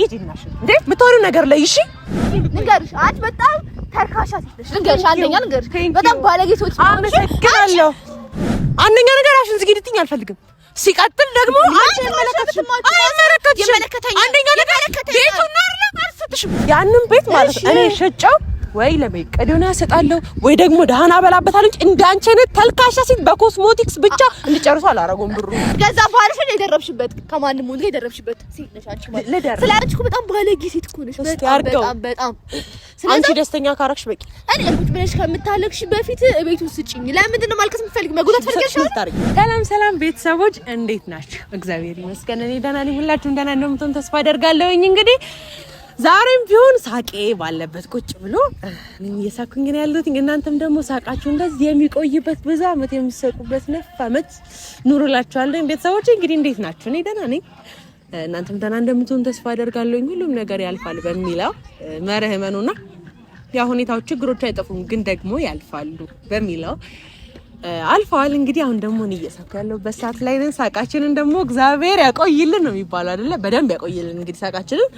ሂድ እንዴ የምታወሪው ነገር ላይ እሺ፣ ንገርሽ አንቺ በጣም ተርካሻ ንገርሽ አንደኛ ንገርሽ በጣም ባለጌ ሰዎች አመሰግናለሁ። አንደኛ ነገር አሽን አልፈልግም። ሲቀጥል ደግሞ አንቺ አንደኛ ነገር ቤቱን አይደለም አልሰጥሽም። ያንን ቤት ማለት እኔ ሸጨው ወይ ለመቄዶንያ እሰጣለሁ ወይ ደግሞ ደህና በላበታለሁ እንጂ እንዳንቺ አይነት ተልካሻ ሴት በኮስሞቲክስ ብቻ እንድጨርሱ አላረገውም ብሩ። ከዛ በኋላ ነው የደረብሽበት፣ ከማንም ወንድ ጋር የደረብሽበት ሴት ነሽ አንቺ። ማለት ስለ በጣም ባለጌ ሴት እኮ ነሽ። በጣም በጣም አንቺ ደስተኛ ካረክሽ በቂ። እኔ ቁጭ ብለሽ ከምታለቅሽ በፊት ቤቱ ስጭኝ። ለምንድን ነው ማልቀስ የምትፈልግ? መጉዳት ፈልገሽ? ሰላም ሰላም ቤተሰቦች እንዴት ናችሁ? እግዚአብሔር ይመስገን እኔ ደህና ነኝ። ሁላችሁም ደህና እንደምትሆን ተስፋ አደርጋለሁኝ እንግዲህ ዛሬም ቢሆን ሳቄ ባለበት ቁጭ ብሎ እየሳኩኝ ግን ያሉት እናንተም ደግሞ ሳቃችሁ እንደዚህ የሚቆይበት ብዙ አመት የሚሰቁበት ነፍ አመት ኑሮላችኋለሁ። ቤተሰቦች እንግዲህ እንዴት ናችሁ? እኔ ደህና ነኝ፣ እናንተም ደህና እንደምትሆን ተስፋ አደርጋለሁኝ። ሁሉም ነገር ያልፋል በሚለው መርህ መኑና ያ ሁኔታዎች ችግሮች አይጠፉም ግን ደግሞ ያልፋሉ በሚለው አልፈዋል። እንግዲህ አሁን ደግሞ እኔ እየሳኩ ያለሁበት ሰዓት ላይ ነን። ሳቃችንን ደግሞ እግዚአብሔር ያቆይልን ነው የሚባለው አይደለ? በደንብ ያቆይልን እንግዲህ ሳቃችንን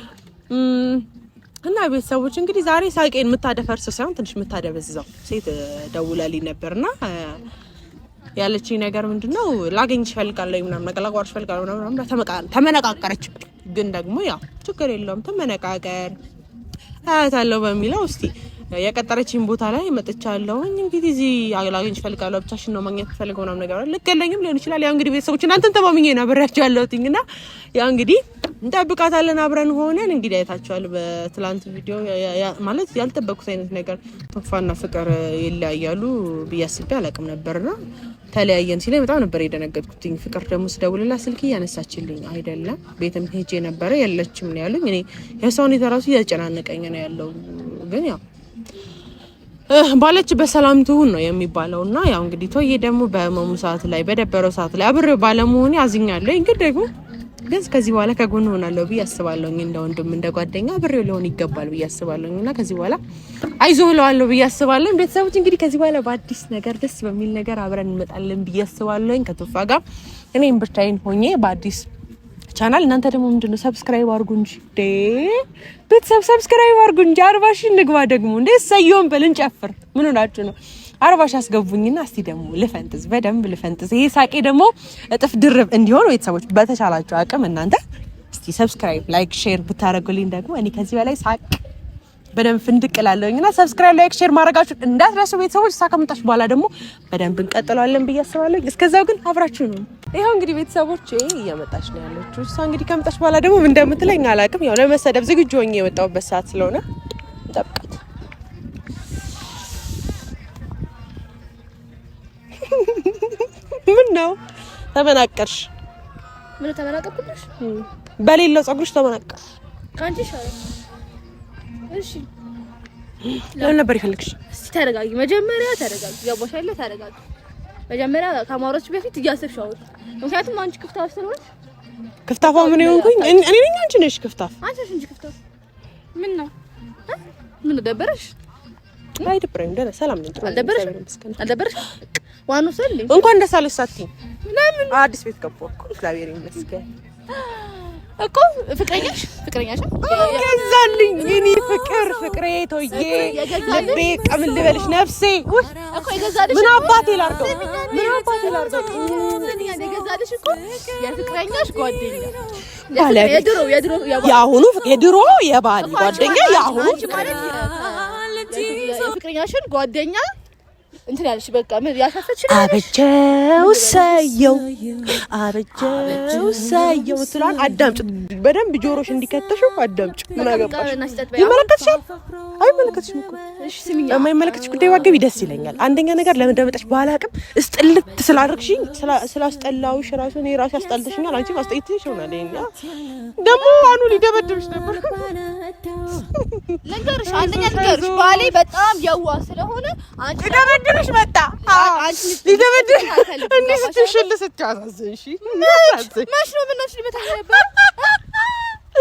እና ቤተሰቦች እንግዲህ ዛሬ ሳቄን የምታደፈርሰው ሳይሆን ትንሽ የምታደበዝዛው ሴት ደውላልኝ ነበርና ያለችኝ ነገር ምንድነው ላገኝሽ እፈልጋለሁ ምናምን ነገር ላግባብሽ እፈልጋለሁ ምናምን ተመነቃቀረች። ግን ደግሞ ያው ችግር የለውም ተመነቃቀር አያታለሁ በሚለው እስቲ የቀጠረችኝ ቦታ ላይ መጥቻለሁ። እንግዲህ እዚህ አላገኝ እፈልጋለሁ፣ ብቻሽን ነው ማግኘት ፈልገው ነው ነገር አይደል ልገለኝም ሊሆን ይችላል። ያው እንግዲህ ቤተሰቦች እናንተን ተማምኜ ነው አብሬያቸው ያለሁትኝ እና ያው እንግዲህ እንጠብቃታለን አብረን ሆነን እንግዲህ አይታችኋል። በትላንት ቪዲዮ ማለት ያልጠበቁት አይነት ነገር ቶፋና ፍቅር ይለያያሉ ብዬ አስቤ አላውቅም ነበርና ተለያየን ሲለኝ በጣም ነበር የደነገጥኩትኝ። ፍቅር ደግሞ ስደውልላ ስልክ እያነሳችልኝ አይደለም። ቤትም ሄጄ ነበረ የለችም ነው ያሉኝ። እኔ የሰውን የተራሱ እያጨናነቀኝ ነው ያለው ግን ያው ባለች በሰላም ትሁን ነው የሚባለው። እና ያው እንግዲህ ቶዬ ደግሞ በህመሙ ሰዓት ላይ በደበረው ሰዓት ላይ አብሬው ባለመሆኔ አዝኛለሁ። ግን ደግሞ ግን ከዚህ በኋላ ከጎን ሆናለሁ ብዬ አስባለሁኝ። እንደ ወንድም እንደ ጓደኛ አብሬው ሊሆን ይገባል ብዬ አስባለሁኝ። እና ከዚህ በኋላ አይዞ ብለዋለሁ ብዬ አስባለሁ ቤተሰቦች እንግዲህ ከዚህ በኋላ በአዲስ ነገር ደስ በሚል ነገር አብረን እንመጣለን ብዬ አስባለሁ ከቶፋ ጋር እኔም ብቻዬን ሆኜ በአዲስ ቻናል። እናንተ ደግሞ ምንድነው ሰብስክራይብ አድርጉ እንጂ ቤተሰብ ሰብስክራይብ አድርጉ እንጂ። አርባ ሺህ እንግባ ደግሞ እንዴ ሰየውን በልን ጨፍር። ምን ሆናችሁ ነው? አርባ ሺህ አስገቡኝና እስቲ ደግሞ ልፈንጥዝ፣ በደንብ ልፈንጥዝ። ይሄ ሳቄ ደግሞ እጥፍ ድርብ እንዲሆን ቤተሰቦች በተቻላችሁ አቅም እናንተ እስቲ ሰብስክራይብ፣ ላይክ፣ ሼር ብታደርጉልኝ ደግሞ እኔ ከዚህ በላይ ሳቅ በደንብ ፍንድቅ እና ሰብስክራይብ፣ ላይክ፣ ሼር ማድረጋችሁ እንዳትረሱ ቤተሰቦች። እሷ ከመጣች በኋላ ደግሞ በደንብ እንቀጥለዋለን ብዬ አስባለሁኝ። እስከዛው ግን አብራችሁ ነው። ይኸው እንግዲህ ቤተሰቦች እየመጣች ነው ያለችው እሷ። እንግዲህ ከመጣች በኋላ ደግሞ ምን እንደምትለኝ አላውቅም። ያው ለመሰደብ ዝግጁ ሆኜ የመጣሁበት ሰዓት ስለሆነ ጠብቃት። ምን ነው ተመናቀርሽ? ምን ተመናቀርኩሽ? በሌለው ጸጉርሽ ተመናቀርሽ። እሺ ለምን ነበር ይፈልግሽ? እስቲ ተረጋጊ፣ መጀመሪያ ተረጋጊ። ገባሽ አይደለ? ተረጋጊ። መጀመሪያ ከማውራትሽ በፊት እያሰብሽ አውሪ። ምክንያቱም አንቺ ክፍታፍ ስለሆንሽ ክፍታፋ ምን ይሆንኩኝ? እኔ ነኝ። አንቺ ነሽ ክፍታፍ። አንቺ ነሽ እንጂ ክፍታፍ። ምን ነው ምን ደበረሽ? አይ ደበረኝ። ደህና ሰላም ነኝ። አልደበረሽም? አልደበረሽም? ዋኑ ሰልኝ። እንኳን ደስ አለሽ ሳትይኝ ለምን አዲስ ቤት ገባሁ እኮ እግዚአብሔር ይመስገን። እኮ ፍቅረኛሽ ፍቅረኛሽ ገዛልኝ። እኔ ፍቅር ፍቅሬ ተውዬ ልቤ ቀምን ልበልሽ ነፍሴ እኮ የገዛልሽ ምን አባቴ ላርገው ምን አባቴ ላርገው የገዛልሽ እኮ የፍቅረኛሽ ጓደኛ የአሁኑ የድሮ የባል ጓደኛ የአሁኑ የፍቅረኛሽን ጓደኛ እንትን ያለሽ በቃ ምን ያሳፈችሽ ነው። አበጀው ሰየው አበጀው ሰየው ስላል አዳምጭ፣ በደንብ ጆሮሽ እንዲከተሽ አዳምጭ። ምን አገባሽ? ይመለከትሻል፣ አይመለከትሽም እኮ እሺ። ስሚኝ፣ የማይመለከትሽ ጉዳይ ዋገቢ ደስ ይለኛል። አንደኛ ነገር ለምን እንደመጣሽ በኋላ አቅም እስጥልት ስላደረግሽኝ ስላስጠላውሽ ራሱ እኔ ራሱ ያስጠልተሽኛል። አንቺ ማስጠይትሽ ይሆናል። ይሄኛ ደግሞ አኑ ሊደበድብሽ ልንገርሽ፣ አንደኛ ልንገርሽ፣ ባሌ በጣም የዋ ስለሆነ አንቺ ሊደበድብሽ መጣ። አንቺ ሊደበድብሽ እንዴ ስትሽል ስትያዛዝ እሺ፣ መሽ ነው ምናሽ ሊመታ ነበር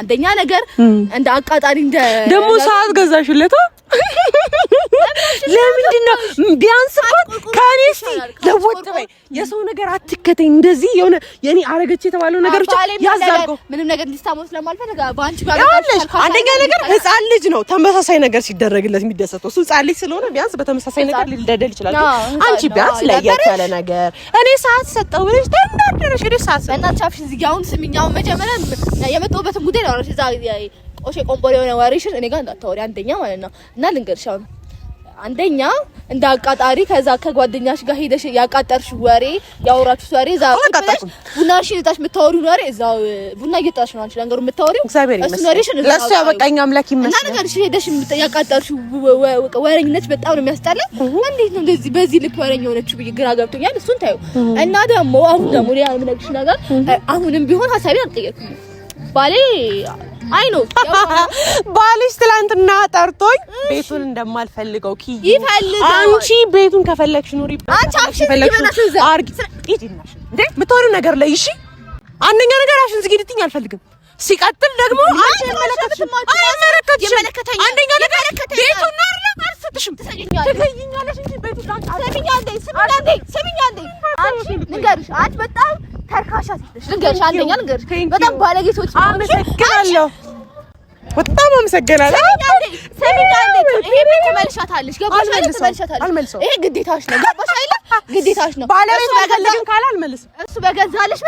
አንደኛ ነገር እንደ አቃጣሪ እንደ ደግሞ ሰዓት ገዛሽለታ ለምንድን ነው ቢያንስ እኮ ከእኔ እስቲ ለወጥ በይ። የሰው ነገር አትከተኝ። እንደዚህ የሆነ የኔ አረገች የተባለው ነገር ብቻ ያዝ ምንም ነገር እንዲስታመው ስለማልፈልግ በአንቺ ጋር አንደኛ ነገር ሕፃን ልጅ ነው ተመሳሳይ ነገር ሲደረግለት የሚደሰተው እሱ ሕፃን ልጅ ስለሆነ ቢያንስ በተመሳሳይ ነገር ሊልደደል ይችላል። አንቺ ቢያንስ ለየት ያለ ነገር እኔ ሰዓት ሰጠው ብለሽ ተናደረሽ። እኔ ሰዓት ሰጠው በእናትሽ አፍሽን ዝጊ። አሁን ስሚኝ፣ አሁን መጀመሪያ የመጣሁበትን ጉዳይ ነው እዛ ቆሼ ቆምቦሪ የሆነ ወሬሽን እኔ ጋር እንዳታወሪ አንደኛ ማለት ነው። እና ልንገርሽ አሁን አንደኛ እንደ አቃጣሪ ከዛ ከጓደኛሽ ጋር ሄደሽ ያቃጠርሽ ወሬ ያወራችሁት ወሬ እዛ ቡናሽን እጣሽ የምታወሪውን ወሬ እዛው ቡና እየጠጣሽ ነው አንቺ ነገሩ የምታወሪው እሱን ወሬሽን እዛ ለእሱ ያበቃኝ አምላክ ይመስገን። እና ነገርሽ ሄደሽ ያቃጠርሽ ወሬኝነት በጣም ነው የሚያስጠላ። እንዴት ነው እንደዚህ በዚህ ልክ ወሬኝ የሆነችው ብዬ ግራ ገብቶኛል። እሱን ታዩ እና ደግሞ አሁን ደግሞ ሌላ የምነግርሽ ነገር አሁንም ቢሆን ሀሳቤን አልቀየርኩም ባሌ አይ ነው ባልሽ ትላንትና ጠርቶኝ ቤቱን እንደማልፈልገው ኪ ይፈልገው። አንቺ ቤቱን ከፈለግሽ ኑሪ፣ አንቺ አክሽን አድርጊ። የምትሆኑ ነገር ላይ እሺ፣ አንደኛ ነገር አሽን ዝግድትኝ አልፈልግም ሲቀጥል ደግሞ አንቺ በጣም ተርካሽ አንደኛ ልንገርሽ፣ በጣም ባለጌ ሰዎች። በጣም ግዴታሽ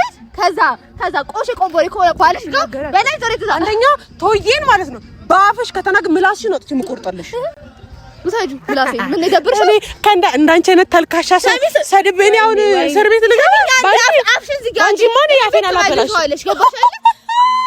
ነው። ከዛ ከዛ ቆሼ ቆንቦሪ ኮ ባልሽ ጋር በላይ ዘሬ ተዛ አንደኛ ቶዬን ማለት ነው። በአፍሽ ከተናግ ነው ወጥቼ የምቆርጠልሽ ውሰጁ ምላሴ ምን ይደብርሽ? እኔ ከእንዳ እንዳንቺ አይነት ተልካሻ ሰው ሰድቤ እኔ አሁን እስር ቤት ልገባ አንቺማ እኔ ያፌን አላበላሽ ገባሽ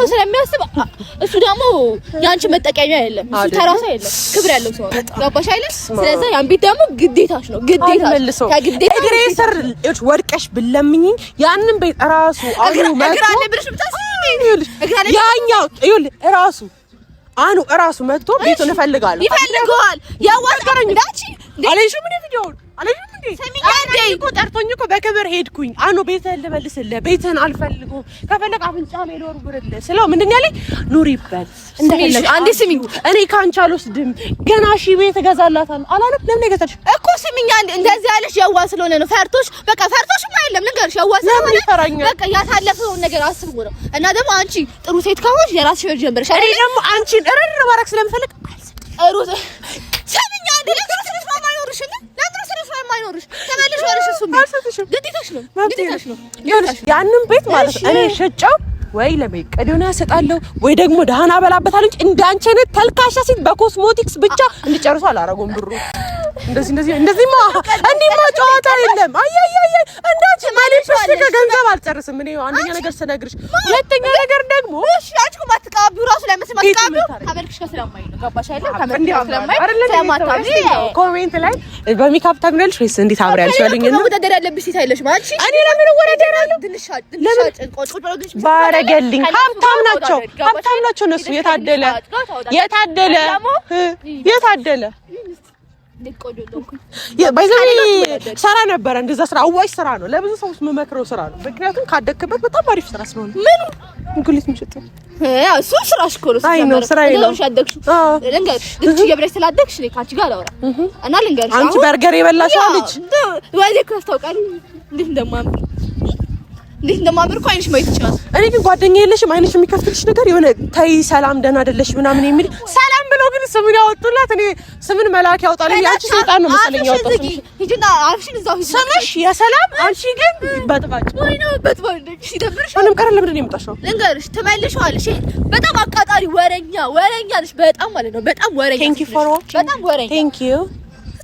ሰው ስለሚያስብ እሱ ደግሞ የአንቺ መጠቀሚያ የለም። እሱ ተራሱ የለም፣ ክብር ያለው ሰው ገባሽ አይደል? ስለዚህ ያን ቤት ደግሞ ግዴታሽ ነው። ግዴታሽ ከግዴታ እግሬ ስር ወድቀሽ ብለምኝኝ ያንን ቤት ራሱ አሉ ያኛው ይኸውልሽ ራሱ አኑ እራሱ መጥቶ ቤቱን እፈልጋለሁ ይፈልገዋል ያዋጣኝ ዳቺ አለሽም እንደ ቪዲዮውን አለሽም እንደ እኮ ጠርቶኝ እኮ በክብር ሄድኩኝ። አኖ ቤትህን ልመልስልህ፣ ቤትህን አልፈልግም፣ ከፈለግ አፍንጫ ላይ ልወርውርልህ ስለው ምንድን ያለኝ ኑሪበት እንደፈለግሽ። አንዴ ስሚኝ፣ እኔ ከአንቺ አልወስድም፣ ገና ሺህ ቤት እገዛላታለሁ አላለም። ለምን የገዛልሽ እኮ ስሚኛ፣ እንደዚህ ያለሽ ያዋ ስለሆነ ነው። ፈርቶሽ በቃ ፈርቶሽ አይደለም ንገርሽ፣ ያዋ ስለሆነ በቃ ያሳለፈውን ነገር አስቦ ነው። እና ደግሞ አንቺ ጥሩ ሴት ከሆንሽ የራስሽ ጀምረሽ። እኔ ደግሞ አንቺን እርር ማድረግ ስለምፈልግ ያንን ቤት ማለት እኔ ሸጫው ወይ ለመቀድ ሆነ ወይ ደግሞ ደሃና በላበታለሁ እንጂ እንዳንቺ አይነት ተልካሻ ሴት በኮስሞቲክስ ብቻ እንድጨርሱ አላረጉም ብሩ እንደዚህ እንደዚህ እንደዚህ ማ እንዲህማ ጨዋታ የለም። አያያያ እንዳች ማለት ከገንዘብ አልጨርስም። እኔ አንደኛ ነገር ስነግርሽ፣ ሁለተኛ ነገር ደግሞ እሺ፣ አንቺ ማትቀባቢው ራሱ ላይ መስማትቀባቢው ከመልክሽ ኮሜንት ላይ በሜካፕ ታምሪያለሽ ወይስ እንዴት አብሪያለሽ ያሉኝ ነው። ወደደር ያለብሽ ሴት አይለሽ ማለት እኔ ለምን ወደደራለሁ? ድንሻጭ ድንሻጭ ቆጭ ብሮግሽ ባረገልኝ። ሀብታም ናቸው፣ ሀብታም ናቸው እነሱ። የታደለ የታደለ የታደለ ሰራ ነበረ እንደዛ ስራ አዋጭ ስራ ነው። ለብዙ ሰዎች የምመክረው ስራ ነው። ምክንያቱም ካደክበት በጣም አሪፍ ስራ ስለሆነ ምን እንግሊዝ ምሽጥ እሱ ስራሽ እኮ ነው። ነው ስራ ነው። ያደግሽው ልንገርሽ፣ ልጅ የብሬ ስላደግሽ ነው ካንቺ ጋር አውራ እና ልንገርሽ፣ አንቺ በርገር የበላሽ ልጅ ወዴት ታስታውቃለህ? እንዴት እንደማምር እንዴት እንደማምር እኮ አይንሽ ማየት ይችላል። እኔ ግን ጓደኛ የለሽም አይንሽ የሚከፍትልሽ ነገር የሆነ ታይ ሰላም ደህና አይደለሽ ምናምን የሚል ሰላም ብለው ግን ስምን ያወጡላት። እኔ ስምን መልአክ ያወጣል። ያቺ ሰይጣን ነው መሰለኝ ያወጣሽ። ሂጂና አፍሽን እዛው ሂጂ። ስምሽ የሰላም አንቺ ግን በጥባጭ ወይ ነው በጥባጭ ሲደብርሽ ምንም ቀረ። ለምንድን ነው የመጣሽው? ልንገርሽ፣ ትመልሺዋለሽ። በጣም አቃጣሪ ወረኛ ወረኛ ነሽ፣ በጣም ማለት ነው። በጣም ወረኛ። ቴንክ ዩ ፎር ዋች። በጣም ወረኛ። ቴንክ ዩ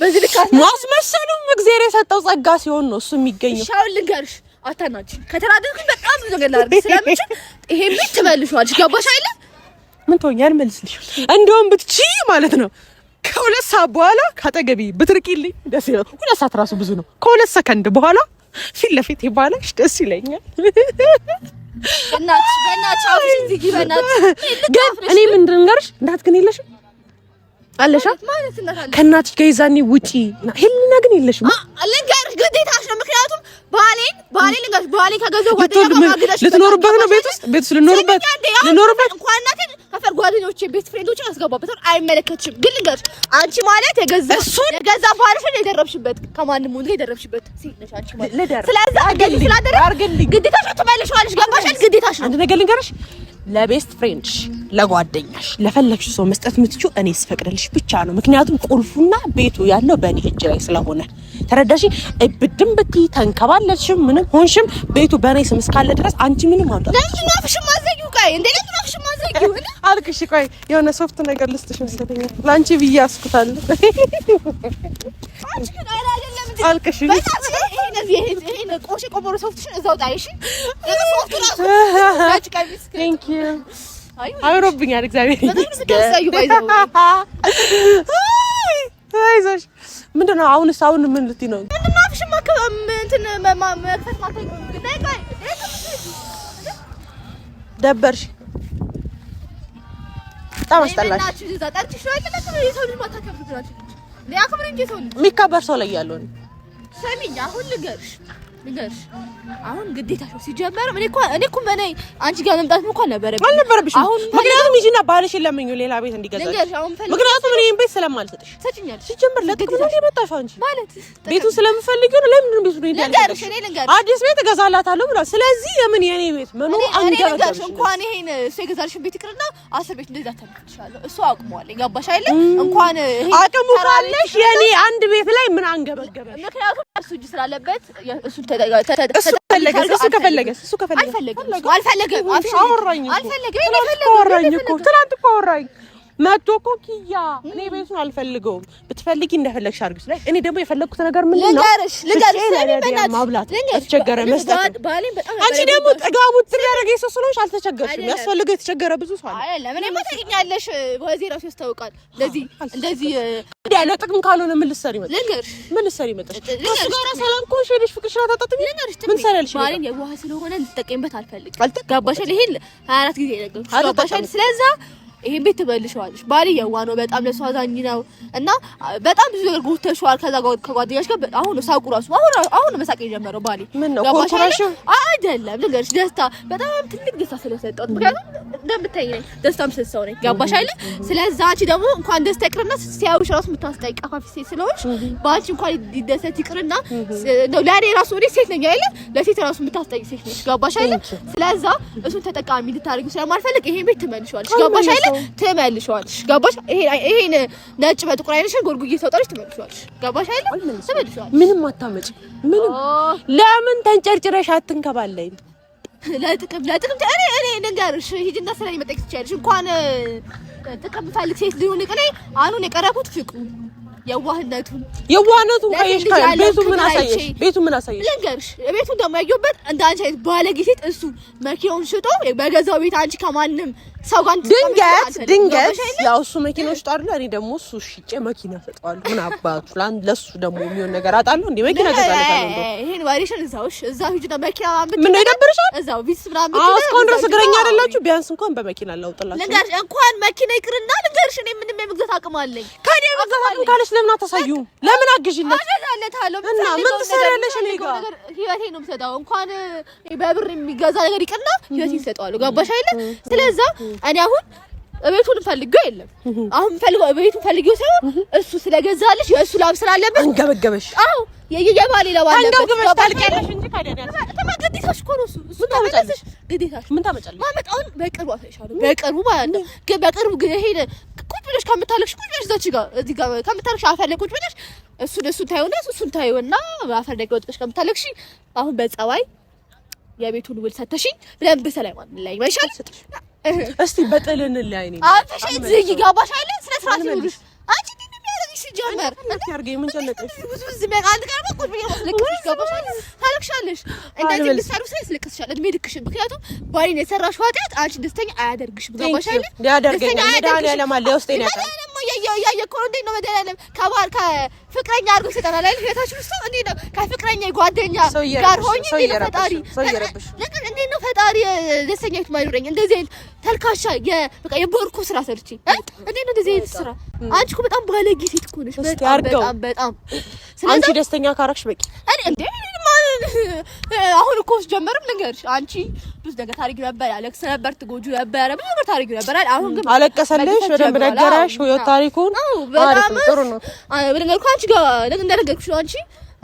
በዚህ ልክ ማስመሰሉም እግዚአብሔር የሰጠው ጸጋ ሲሆን ነው እሱ የሚገኘው። ሻውን ልንገርሽ፣ አታናችን ከተናደድኩኝ በጣም ብዙ ነገር ላድርግ ስለምችል ይሄ ምን ትመልሺዋለሽ? ገባሽ አይደል? ምን ትሆኛል? መልስልሽ። እንደውም ብትቺ ማለት ነው ከሁለት ሰዓት በኋላ ካጠገቢ ብትርቂልኝ ደስ ይላል። ሁለት ሰዓት ራሱ ብዙ ነው። ከሁለት ሰከንድ በኋላ ፊት ለፊት ይባላሽ ደስ ይለኛል። እኔ ምንድን ልንገርሽ እንዳትግን የለሽም አለሻ ከእናትሽ ጋር የዛኔ ውጪ ሄልና ግን የለሽም። ልንገርሽ ግዴታሽ ነው። ምክንያቱም ባሌን ባሌ ልንገርሽ ባሌ ከገዛው ጓደኛ ጋር ማግደሽ ልትኖርበት ነው ቤት ውስጥ ቤት ውስጥ ልኖርበት ልኖርበት እንኳን እናቴ ከፈር ጓደኞቼ ቤት ፍሬንዶችን አስገባበታል። አይመለከትሽም። ግን ልንገርሽ አንቺ ማለት የገዛ እሱን የገዛ ባልሽን የደረብሽበት ከማንም ወንድ ጋር የደረብሽበት ሲነሽ አንቺ ማለት ስለዚህ አገልግል ስላደረብ ግዴታሽ ትመልሺዋለሽ። ገባሽ? ግዴታሽ ነው። አንድ ነገር ልንገርሽ ለቤስት ፍሬንድሽ ለጓደኛሽ ለፈለግሽ ሰው መስጠት የምትችው እኔ ስፈቅድልሽ ብቻ ነው። ምክንያቱም ቁልፉና ቤቱ ያለው በእኔ እጅ ላይ ስለሆነ ተረዳሽ። እብድም ብቲ ተንከባለልሽም ምንም ሆንሽም ቤቱ በእኔ ስም እስካለ ድረስ አንቺ ምንም ማዘጊው? ማዘጊው? አልክሽ። ቆይ የሆነ ሶፍት ነገር ልስጥሽ መሰለኝ ለአንቺ ብዬ አስኩታለሁ። አልክሽ ቆሽ ቆቦሮ ሶፍትሽን እዛው ጣይሽ ሶፍቱ ራሱ አምሮብኛል። እግዚአብሔር ይመስገን። ምንድን ነው አሁንስ? አሁን ምን ልትይ ነው? ደበርሽ፣ በጣም አስጠላሽ። የሚከበር ሰው ላይ ያለው አሁን ግዴታሽ ሲጀመር እኔ እኮ እኔ እኮ በኔ አንቺ ጋር መምጣት ነው እንኳን ነበረ አሁን ምክንያቱም ሂጂና ባልሽን ለምኝ ሌላ ቤት እንዲገዛሽ። ምክንያቱም እኔ ቤት ስለማልሰጥሽ ሰጪኛለሽ። ሲጀመር ለጥቅም ነው የመጣሽው አንቺ ማለት ቤቱ ስለምፈልጊው ነው። ለምን ቤቱ ነው እኔ ያለሽ? አዲስ ቤት እገዛላታለሁ ብላ ስለዚህ የምን የኔ ቤት መኖር አንገባሽ። እንኳን ይሄን እሱ የገዛልሽን ቤት ይቅርና አስር ቤት እንደዛ ተመልክሻለሁ። እሱ አቅሟል። ገባሽ አይደል? እንኳን አቅሙ ካለሽ የኔ አንድ ቤት ላይ ምን አንገበገበሽ? ምክንያቱም እሱ እጅ ስላለበት እሱ ከፈለገ እሱ ከፈለገ እሱ ከፈለገ አልፈለገም። አልፈለገም። አልፈለገም። አወራኝ እኮ ትናንት እኮ አወራኝ መቶ እኮ ኪያ እኔ ቤቱን አልፈልገውም። ብትፈልጊ እንደፈለግሽ አድርጊ ስላኝ እኔ ደግሞ የፈለግኩት ነገር ምን ነው? ልንገርሽ ልንገርሽ፣ ማብላት ተቸገረ መስጠት። አንቺ ደግሞ ጥጋቡ ትደረገ ሰው ስለሆንሽ አልተቸገርሽም። ያስፈልገው የተቸገረ ብዙ ሰው አለ። ለምን ታገኛለሽ? ወዚ ራሱ ያስታውቃል። ለዚህ እንደዚህ ያለ ጥቅም ካልሆነ ምን ልትሰሪ መጣሽ? ምን ልትሰሪ መጣሽ? ከእሱ ጋር ሰላም ከሆንሽ ሄደሽ ፍቅርሽን አታጣጥሚ። ምን ሰላልሽ? ባሌን የዋህ ስለሆነ ልጠቀምበት አልፈልግም። ገባሻል? ይሄን ሀያ አራት ጊዜ ነገርኩሽ። ገባሻል? ስለዛ ይሄ ቤት ትመልሸዋለሽ። ባሪ የዋ ነው፣ በጣም ለእሱ አዛኝ ነው እና በጣም ብዙ ነገር ጎተሸዋል። ከዛ ከጓደኛሽ ጋር አሁን ሳቁ ራሱ አሁን መሳቅ የጀመረው ባል አይደለም። ልንገርሽ ደስታ በጣም ትልቅ ደስታ ስለሰጠው ምክንያቱም እንደምታይ ነኝ፣ ደስታም ስለሰው ነኝ። ገባሽ አይደለ? ስለዛ አንቺ ደግሞ እንኳን ደስታ ይቅርና ሲያዩሽ ራሱ ሴት ስለሆንሽ በአንቺ እንኳን ሊደሰት ይቅርና ለእኔ ራሱ እኔ ሴት ነኝ ለሴት ራሱ የምታስጠይቅ ሴት ነች። ገባሽ ስለዛ እሱን ተጠቃሚ ልታደርጊው ስለማልፈልግ ይሄን ቤት ትመልሸዋለሽ። ገባሽ ትመልሸዋለሽ። ገባሽ? ይሄን ነጭ በጥቁር አይነሽን ጎርጉጌ ተውጠረሽ ትመልሸዋለሽ። ገባሽ አይደል? ትመልሸዋለሽ። ምንም አታመጭ። ምንም ለምን ተንጨርጭረሽ አትንከባለኝ? ለጥቅም ለጥቅም እኔ እኔ ንገርሽ ሂጂና ስራ ይመጣ ይችላልሽ። እንኳን ጥቅም ፈልግ ሴት ሊሆን ቅኔ አሁን የቀረቡት ፍቅሩ የዋህነቱን የዋህነቱ ቤቱ ምን አሳየሽ? ቤቱ ምን አሳየሽ? ልንገርሽ፣ ቤቱን ደግሞ ያየሁበት እንደ አንቺ አይነት ባለጌ ሴት እሱ መኪናውን ሽጦ በገዛው ቤት አንቺ ከማንም ሰው ጋር ድንገት ድንገት ያው እሱ መኪናው ሽጦ አይደለ? እኔ ደግሞ እሱ ሽጬ መኪና ሰጠዋለሁ። ምን አባቱ ለአንድ ለሱ ደግሞ የሚሆን ነገር አጣለሁ እንዴ? መኪና እንዴ? ይሄን ወሬሽን እዛው እዛው መኪና ማምጥ ምን ይደብርሻል? እዛው ቢስ እስካሁን ድረስ እግረኛ አይደላችሁ። ቢያንስ እንኳን በመኪና ላውጥላችሁ። ልንገርሽ፣ እንኳን መኪና ይቅርና ልንገርሽ፣ እኔ ምንም የመግዛት አቅም አለኝ ከኔ የመግዛት አቅም ካለሽ ለምን አታሳዩ? ለምን አግዢለት? እና ምን ትሰሪያለሽ? እኔ ጋር ህይወቴን ነው የምሰጠው። እንኳን በብር የሚገዛ ነገር ይቅርና ህይወቴን እሰጠዋለሁ። ገባሽ አይደለ? ስለዛ እኔ አሁን እቤቱን ፈልገው የለም አሁን ፈልገው እቤቱን ፈልገው ሳይሆን እሱ ስለገዛልሽ የእሱ ላብ ስላለበት እንገበገበሽ። አዎ የየባሌ ላብ አለበት ታልቀለሽ እንጂ ግዴታሽ እኮ ነው። እሱ ታመጫለሽ። ግዴታሽ ምን ታመጫለሽ? ማመጣውን በቅርቡ አሳይሻለሁ። በቅርቡ ማለት በቅርቡ ግን ይሄ ቁጭ ብለሽ ከምታለቅሽ ቁጭ ብለሽ እዛች ጋር እዚህ ጋር ከምታለቅሽ አፈር ላይ ቁጭ ብለሽ እሱን እሱን ታይውና እሱን ታይውና አፈር ላይ ወጥተሽ ከምታለቅሽ አሁን በጸባይ የቤቱን ውል ሰተሽኝ ብለን በሰላይ ማን ላይ ይመሻል። እስቲ በጥልን ላይ ነኝ አንተሽ እዚህ ይጋባሻል። ስነ ስርዓት ይኑርሽ። ሲጀመር ታለቅሻለሽ። እንደዚህ ልሳሩ ሳይስ ልቅስሻል እድሜ ልክሽን። ምክንያቱም ባይን የሰራሽ ኃጢአት አንቺ ደስተኛ አያደርግሽም። ገባሻል? ደስተኛ አድርጎ ይሰጠናል አይደል? ቤታችን ውስጥ እንዴት ነው ከፍቅረኛ ጓደኛ ጋር ሆኜ እንዴት ነው ፈጣሪ ደስተኛ የት ማይኖረኝ እንደዚህ አይነት ተልካሻ የበቃ የቦርኮ ስራ ሰርቺ እንዴ ነው እንደዚህ አይነት ስራ? አንቺ እኮ በጣም ባለጌ ሴት እኮ ነሽ። በጣም በጣም በጣም አንቺ ደስተኛ ካረክሽ በቂ እንዴ አሁን እኮ ጀመርም ልንገርሽ፣ አንቺ ብዙ ነገር ታሪክ ነበር፣ ያለቅስ ነበር፣ ትጎጁ ነበር፣ ብዙ ነገር ታሪክ ነበር። አሁን ግን አለቀሰልሽ፣ በደንብ ነገረሽ፣ ታሪኩን በጣም ጥሩ ነው። አንቺ ጋር እንደነገርኩሽ ነው አንቺ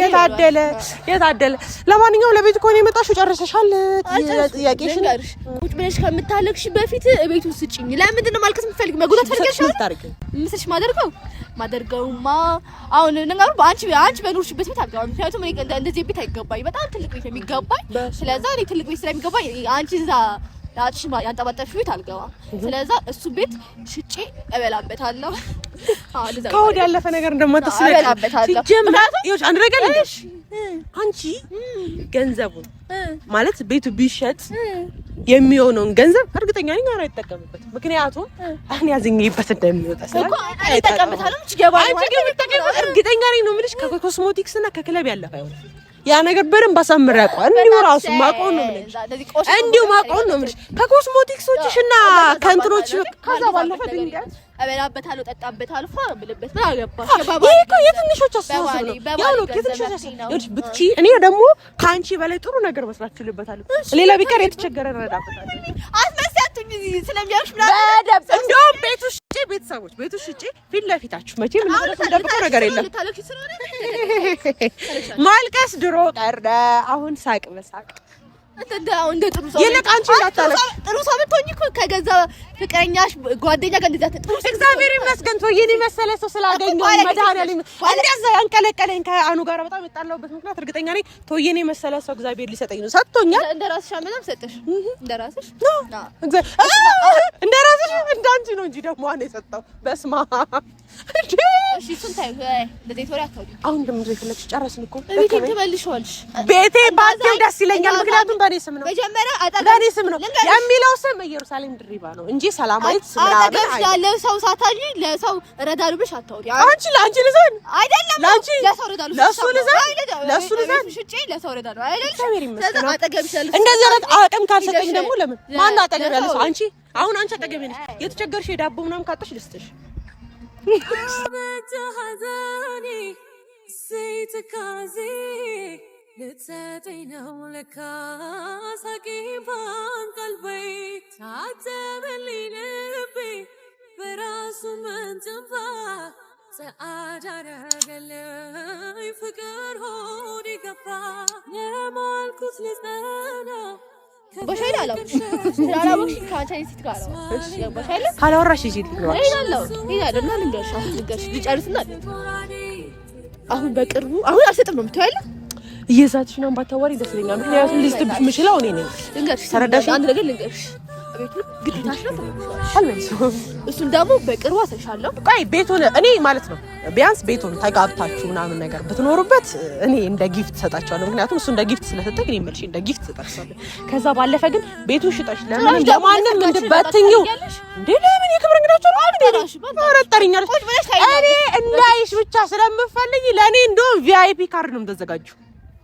የታደለ የታደለ። ለማንኛውም ለቤት ከሆነ የመጣሽው ጨርሰሻል? ጥያቄሽን ቁጭ ብለሽ ከምታለቅሽ በፊት ቤቱ ስጭኝ። ለምንድን ነው ማልቀስ የምትፈልጊው? መጎዳት ፈልገሻል? ምስልሽ ማደርገው ማደርገውማ አሁን ነገሩ በአንቺ አንቺ በኖርሽበት ቤት አልገባም። ምክንያቱም እንደዚህ ቤት አይገባኝ፣ በጣም ትልቅ ቤት የሚገባኝ ስለዛ ትልቅ ቤት ስለሚገባኝ አንቺ እዛ ለአጭሽ ያንጠባጠፍሽ ቤት አልገባም። ስለዛ እሱ ቤት ሽጬ እበላበታለሁ። ከወዲህ ያለፈ ነገር እንደማታስቢ እበላበታለሁ። አንድ ነገር ልንገርሽ፣ አንቺ ገንዘቡን ማለት ቤቱ ቢሸጥ የሚሆነውን ገንዘብ እርግጠኛ ነኝ አሁን አይጠቀምበትም። ምክንያቱም አሁን ያዝኝበት እንደሚወጣ እርግጠኛ ነኝ ነው የምልሽ። ከኮስሞቲክስ እና ከክለብ ያለፈ አይሆንም ያ ነገር በደንብ አሳምር ያውቀዋል። እንዲሁ ራሱ ማውቀው ነው የምልሽ፣ እንዲሁ ማውቀው ነው የምልሽ። ከኮስሞቲክሶችሽ እና ከእንትኖች ከዛ ባለፈ ድንጋይ እበላበታለሁ፣ ጠጣበታለሁ፣ ፏ ብልበት ምን አገባሽ? ይሄ እኮ የትንሾች አስተሳሰብ ነው። ያው ነው የትንሾች አስተሳሰብ ነው። ብትቺ እኔ ደግሞ ከአንቺ በላይ ጥሩ ነገር መስራት እችልበታለሁ። ሌላ ቢቀር የተቸገረ እረዳበታለሁ። እንደውም ቤት ውስጥ ቤተሰቦች ቤት ውስጥ ፊት ለፊታችሁ መቼም እንደምትደብቀው ነገር የለም። ማልቀስ ድሮ ቀረ፣ አሁን ሳቅ በሳቅ ጥሩ ሰው ይልቅ እኮ ከገዛ ፍቅረኛሽ ጓደኛ ጋር እንደዚያ ጥሩ ሰው እግዚአብሔር ይመስገን የመሰለ ሰው ስላገኘሁ መድኃኒዓለም እንደዚያ ያንቀለቀለኝ ከአኑ ጋር በጣም የጣላሁበት ምክንያት እርግጠኛ ነኝ የመሰለ ሰው እግዚአብሔር ሊሰጠኝ ነው። ሰጥቶኛል። አመጣም ሰጠሽ። ነው እንጂ ደግሞ የሰጠው በስመ አብ እሺ፣ እሱን እንደዚህ ወሬ አሁን ደግሞ ጨረስን እኮ ቤቴ ትመልሺዋለሽ። ቤቴ ባትይው ደስ ይለኛል ምክንያቱም በእኔ ስም ነው በእኔ ስም ነው የሚለው ስም ኢየሩሳሌም ድሪባ ነው እንጂ ሰላማዊት ስም ያለ ሰው ሳታል ለሰው ረዳሉ ብለሽ አታውሪ። አንቺ ለአንቺ ልዘን አይደለም ለአንቺ ለሰው ረዳሉ ለሱ ልዘን ለሱ ልዘን ሽጪ ለሰው ረዳሉ አይደለም። እንደዚህ አይነት አቅም ካልሰጠኝ ደግሞ ለምን ማን አጠገብ ያለ ሰው? አንቺ አሁን አንቺ አጠገቤ ነሽ። የተቸገርሽ የዳቦ ምናምን ካጣሽ ልስጥሽ ልትሰጠኝ ነው ለካ ሳቂ ባንቀልቤ ታተበልኝ ልቤ በራሱ መንጭፋ ሰዓድ አደረገልኝ ፍቅር ሆድ ይገፋ የማልኩት ልጽና ካላወራሽ አሁን በቅርቡ አሁን አልሰጥም ነው የምትይው ያለ እየዛትሽ ምናምን ባታዋሪ ደስ ይለኛል። ምክንያቱም ልስትብሽ የምችለው እኔ ነኝ። ተረዳሽ? አንድ ነገር ልንገርሽ እሱን ደግሞ በቅርቡ አሳይሻለሁ። ቆይ ቤቱን እኔ ማለት ነው ቢያንስ ቤቱን ተጋብታችሁ ምናምን ነገር ብትኖሩበት እኔ እንደ ጊፍት ሰጣቸዋለሁ። ምክንያቱም እሱ እንደ ጊፍት ስለሰጠኝ እኔ ይመልሽ እንደ ጊፍት ሰጣቸዋለሁ። ከዛ ባለፈ ግን ቤቱ ሽጠሽ ለምን ለማንም እንድበትኝው እንዴ? ለምን የክብር እንግዳቸው ነው እንዴ? ረጠሪኛለች እኔ እንዳይሽ ብቻ ስለምፈልኝ ለእኔ እንደውም ቪአይፒ ካርድ ነው የምተዘጋጁ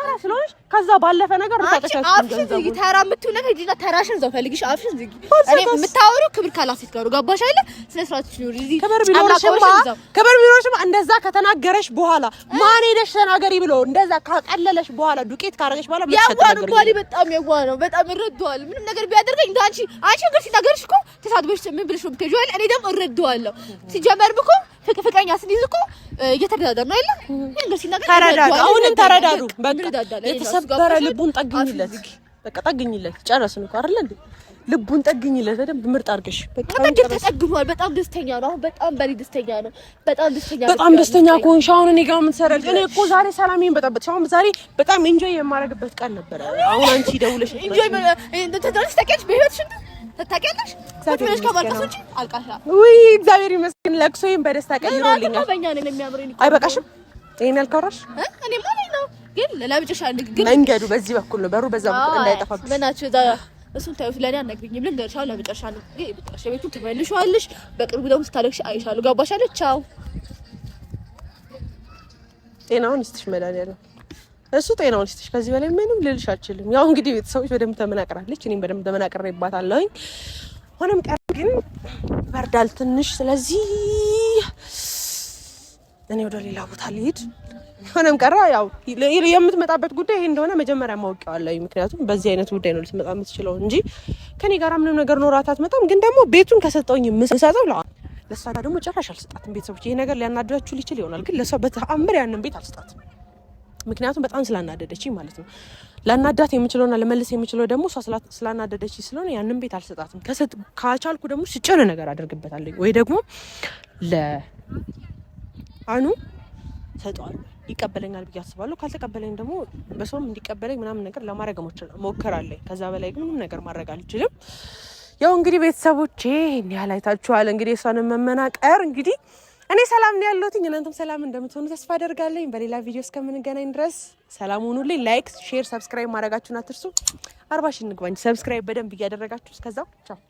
ተራ ስለሆንሽ ከዛ ባለፈ ነገር ተራ የምትይው ነገር ዲና ተራሽን እዛው ፈልግሽ፣ አፍሽን ዝጊ። እኔ የምታወሪው ክብር ካላሴት ጋር ገባሽ አይደለ? ስነ ስርዓት ትኑሪ። ክብር ቢኖርሽማ እንደዛ ከተናገረሽ በኋላ ማን ሄደሽ ተናገሪ ብሎ እንደዛ ካቀለለሽ በኋላ ዱቄት ካረገሽ በኋላ ያዋን ባሊ በጣም ያዋ ነው፣ በጣም እረዳዋለሁ። ምንም ነገር ቢያደርገኝ እንደ አንቺ አንቺ ነገር ሲናገርሽ እኮ ተሳድበሽ ምን ብለሽ ነው የምትሄጂው አይደል? እኔ ደግሞ እረዳዋለሁ። ሲጀመርም እኮ ፍቅረኛ ስንይዝ እኮ እየተረዳዳ ነው አይደለ? ነገር ሲናገር ተረዳዱ፣ አሁንም ተረዳዱ በቃ የተሰበረ ልቡን ጠግኝለት፣ በቃ ጠግኝለት። ጨረስን እኮ አይደል እንዴ? ልቡን ጠግኝለት በደንብ ምርጥ አድርገሽ። በቃ ተጠግኗል። በጣም ደስተኛ ነው አሁን። በጣም በሪ ደስተኛ ነው። በጣም ደስተኛ በጣም ደስተኛ ከሆንሽ አሁን እኔ ጋር ምን ትሰሪያለሽ? እኔ እኮ ዛሬ ሰላሜን በጠበጥሽ። አሁን ዛሬ በጣም ኤንጆይ የማደርግበት ቀን ነበረ። አሁን አንቺ ደውለሽ ኤንጆይ ተደረስ ተቀጭ በህይወትሽ ታውቂያለሽ ውይ እግዚአብሔር ይመስገን ለቅሶዬን በደስታ ቀይሮልኛል። አይበቃሽም? ይሄን ያልከራሽ እኔ ነው ግን ለምጭሻል። ግን መንገዱ በዚህ በኩል ነው። በሩ በዛ በኩል እንዳይጠፋብሽ በእናትሽ እዛ እሱን ታዩት ለኔ አናግሪኝም። ልንገርሻው ለመጨረሻ ነው ግን ብጣሽ ቤቱን ትመልሺዋለሽ። በቅርቡ ደግሞ ስታደርግሽ አይሻለሁ። ገባሽ? ቻው። ጤናውን ይስጥሽ መድኃኒዓለም እሱ ጤናውን ይስጥሽ። ከዚህ በላይ ምንም ልልሽ አልችልም። ያው እንግዲህ ቤተሰቦች በደንብ ተመናቅራለች፣ እኔም በደንብ ተመናቅሬባታለሁኝ። ሆነም ቀር ግን በርዳል ትንሽ። ስለዚህ እኔ ወደ ሌላ ቦታ ልሄድ ሆነም ቀረ ያው የምትመጣበት ጉዳይ ይሄ እንደሆነ መጀመሪያ ማውቂዋለሁ። ምክንያቱም በዚህ አይነት ጉዳይ ነው ልትመጣ የምትችለው እንጂ ከኔ ጋር ምንም ነገር ኖራት አትመጣም። ግን ደግሞ ቤቱን ከሰጠውኝ የምሰጠው ለ ለእሷ ደግሞ ጭራሽ አልሰጣትም። ቤተሰቦች ይሄ ነገር ሊያናድዳችሁ ሊችል ይሆናል፣ ግን ለእሷ በተአምር ያንን ቤት አልሰጣትም። ምክንያቱም በጣም ስላናደደች ማለት ነው። ላናዳት የምችለውና ለመልስ የምችለው ደግሞ እሷ ስላናደደችኝ ስለሆነ ያንን ቤት አልሰጣትም። ካቻልኩ ደግሞ ስጭ የሆነ ነገር አደርግበታለሁ ወይ ደግሞ ለአኑ ሰጠዋል። ይቀበለኛል ብዬ አስባለሁ። ካልተቀበለኝ ደግሞ በሰውም እንዲቀበለኝ ምናምን ነገር ለማድረግ ሞክራለኝ። ከዛ በላይ ግን ምንም ነገር ማድረግ አልችልም። ያው እንግዲህ ቤተሰቦቼ ይህን ያህል አይታችኋል። እንግዲህ እሷንም መመናቀር እንግዲህ እኔ ሰላም ነው ያለሁት። እናንተም ሰላም እንደምትሆኑ ተስፋ አደርጋለኝ። በሌላ ቪዲዮ እስከምንገናኝ ድረስ ሰላም ሁኑልኝ። ላይክ፣ ሼር፣ ሰብስክራይብ ማድረጋችሁን አትርሱ። አርባ ሺህ እንግባኝ። ሰብስክራይብ በደንብ እያደረጋችሁ እስከዛው ቻው።